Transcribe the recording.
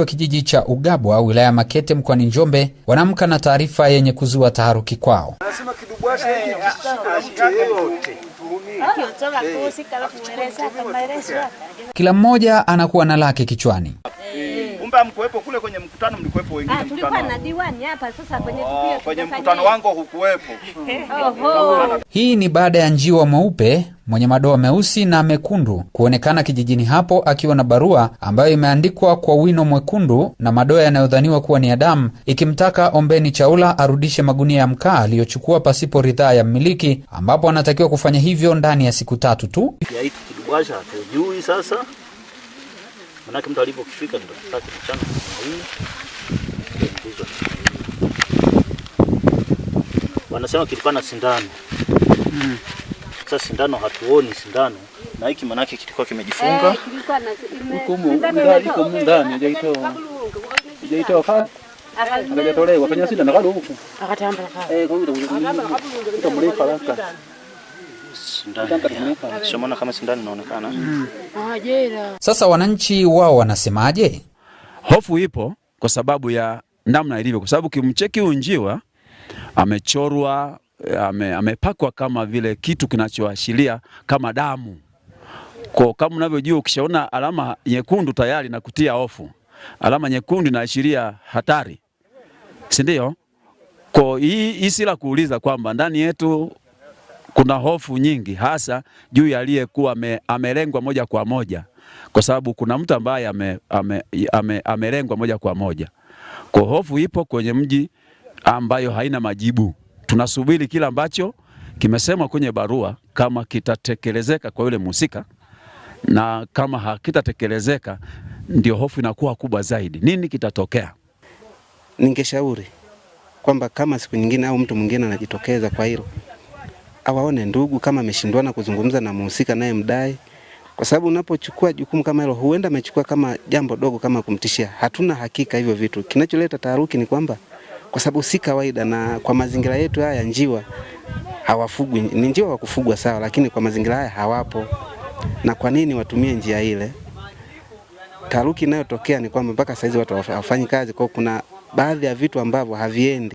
wananchi wa kijiji cha Ugabwa wilaya Makete mkoani Njombe wanaamka na taarifa yenye kuzua taharuki kwao. Kila mmoja anakuwa na lake kichwani. Mkuwepo kule kwenye mkutano, mlikuwepo wengine ah, kwenye ah, mkutano wangu, hukuwepo. Hii ni baada ya njiwa mweupe mwenye madoa meusi na mekundu kuonekana kijijini hapo akiwa na barua ambayo imeandikwa kwa wino mwekundu na madoa yanayodhaniwa kuwa ni ya damu, ikimtaka Ombeni Chaula arudishe magunia ya mkaa aliyochukua pasipo ridhaa ya mmiliki, ambapo anatakiwa kufanya hivyo ndani ya siku tatu tu. Wanasema kilikuwa na sindano. Hmm. Sasa sindano hatuoni sindano na hiki manake kilikuwa kimejifunga eh, huko ndani sindano kalo huko. Eh, kwa hiyo kama sindano inaonekana. Mm. Ah, Sasa wananchi wao wanasemaje? Hofu ipo kwa sababu ya namna ilivyo, kwa sababu kimcheki unjiwa amechorwa Eh, ame, amepakwa kama vile kitu kinachoashiria kama damu. Kwa kama unavyojua, ukishaona alama nyekundu tayari na kutia hofu. Alama nyekundu inaashiria hatari, si ndio? Kwa hii si la kuuliza kwamba ndani yetu kuna hofu nyingi, hasa juu ya aliyekuwa amelengwa moja kwa moja, kwa sababu kuna mtu ambaye amelengwa ame, ame moja kwa moja. Kwa hofu ipo kwenye mji ambayo haina majibu tunasubiri kila ambacho kimesemwa kwenye barua kama kitatekelezeka kwa yule mhusika, na kama hakitatekelezeka ndio hofu inakuwa kubwa zaidi. Nini kitatokea? Ningeshauri kwamba kama siku nyingine au mtu mwingine anajitokeza kwa hilo, awaone ndugu, kama ameshindwana kuzungumza na mhusika naye mdai, kwa sababu unapochukua jukumu kama hilo, huenda amechukua kama jambo dogo, kama kumtishia. Hatuna hakika hivyo vitu. Kinacholeta taharuki ni kwamba kwa sababu si kawaida, na kwa mazingira yetu haya njiwa hawafugwi. Ni njiwa wa kufugwa sawa, lakini kwa mazingira haya hawapo. Na kwa nini watumie njia ile? Taruki inayotokea ni kwamba mpaka saizi watu hawafanyi kazi, kwa kuna baadhi ya vitu ambavyo haviendi.